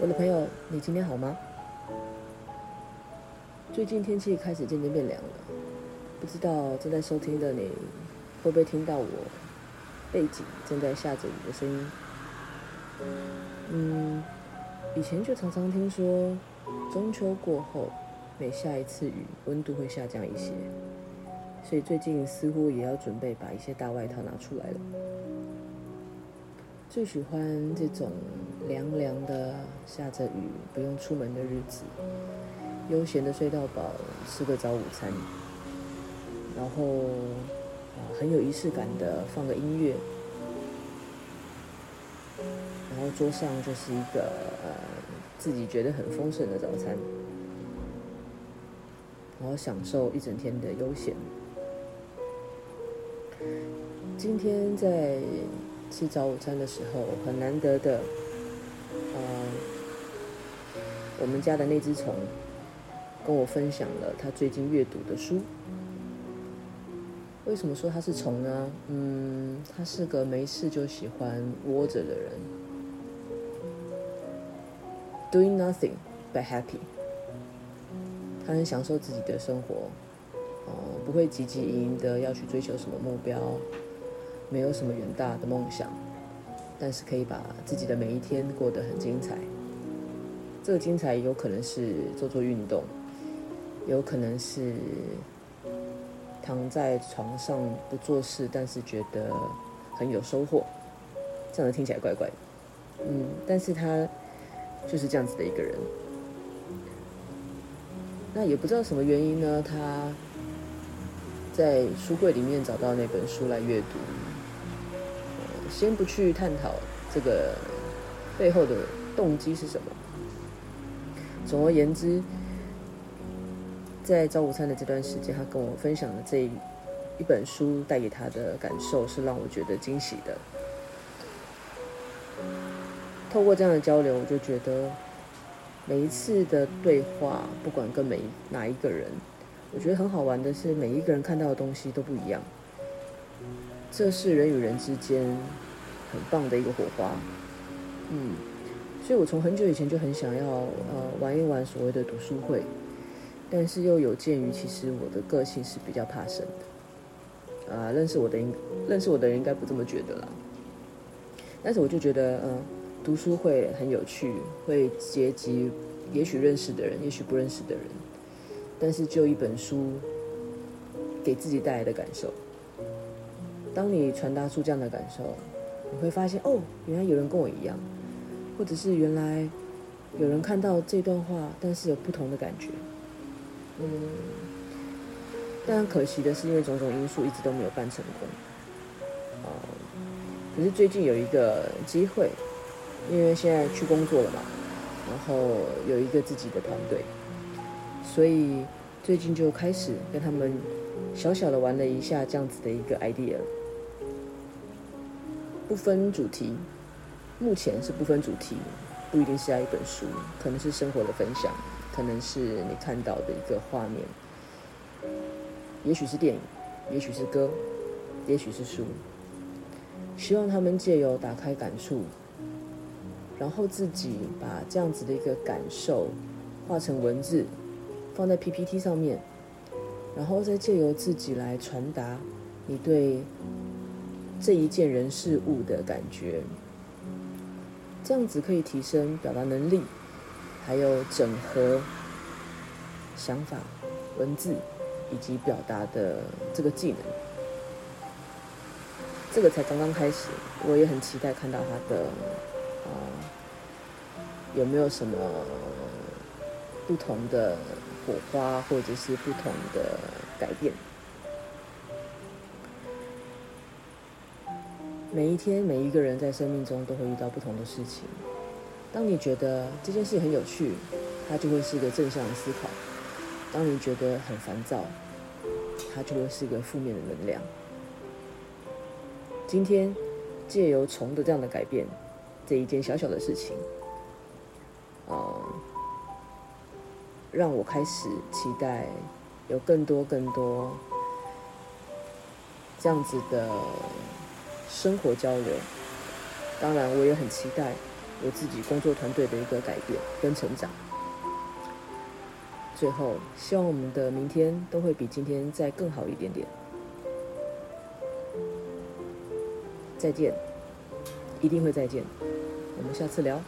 我的朋友，你今天好嗎？最近天氣開始漸漸變涼了，不知道正在收聽的你，會不會聽到我背景正在下着雨的聲音？嗯，以前就常常聽說，中秋過後每下一次雨，溫度會下降一些，所以最近似乎也要準備把一些大外套拿出來了。最喜歡這種涼涼的、下着雨、不用出門的日子，悠閒的睡到飽，吃個早午餐，然後、呃、很有儀式感的放個音樂，然後桌上就是一個呃自己覺得很豐盛的早餐，然後享受一整天的悠閒。今天在。吃早午餐的時候，很難得的，嗯、呃，我們家的那隻蟲跟我分享了他最近閱讀的書。為什麼說它是蟲呢？嗯，它是個沒事就喜歡窩着的人，doing nothing but happy。它很享受自己的生活，哦、呃，不會汲汲營營的要去追求什麼目標。沒有什麼遠大的夢想，但是可以把自己的每一天過得很精彩。這個精彩有可能是做做運動，有可能是躺在床上不做事，但是覺得很有收穫。這樣子聽起來怪怪的，嗯，但是他就是這樣子的一個人。那也不知道什麼原因呢？他在書櫃裡面找到那本書來閱讀。先不去探討這個背後的動機是什麼。總而言之，在早午餐的這段時間，他跟我分享的這一一本書帶給他的感受，是讓我覺得驚喜的。透過這樣的交流，我就覺得每一次的對話，不管跟每哪一個人，我覺得很好玩的是，每一個人看到的東西都不一樣。這是人與人之間很棒的一個火花，嗯，所以我從很久以前就很想要呃玩一玩所謂的讀書會，但是又有鑑於其實我的個性是比較怕生的，啊，認識我的人認識我的人應該不這麼覺得啦，但是我就覺得嗯、呃、讀書會很有趣，會結集也許認識的人，也許不認識的人，但是就一本書給自己帶來的感受。當你傳達出這樣的感受，你會發現哦，原來有人跟我一樣，或者是原來有人看到這段話，但是有不同的感覺，嗯。但可惜的是，因為種種因素，一直都沒有辦成功。啊，嗯，可是最近有一個機會，因為現在去工作了嘛，然後有一個自己的團隊，所以最近就開始跟他們小小的玩了一下這樣子的一個 idea。不分主題，目前是不分主題，不一定是要一本書，可能是生活的分享，可能是你看到的一個畫面，也許是電影，也許是歌，也許是書。希望他們借由打開感觸，然後自己把這樣子的一個感受畫成文字，放在 PPT 上面，然後再借由自己來傳達你對。這一件人事物的感覺，這樣子可以提升表達能力，還有整合想法、文字以及表達的這個技能。這個才剛剛開始，我也很期待看到他的啊，有沒有什麼不同的火花，或者是不同的改變。每一天，每一個人在生命中都會遇到不同的事情。當你覺得這件事很有趣，它就會是一個正向的思考；當你覺得很煩躁，它就會是一個負面的能量。今天借由蟲的這樣的改變，這一件小小的事情，嗯，讓我開始期待有更多更多這樣子的。生活交流，當然我也很期待我自己工作團隊的一個改變跟成長。最後，希望我們的明天都會比今天再更好一點點。再見，一定會再見，我們下次聊。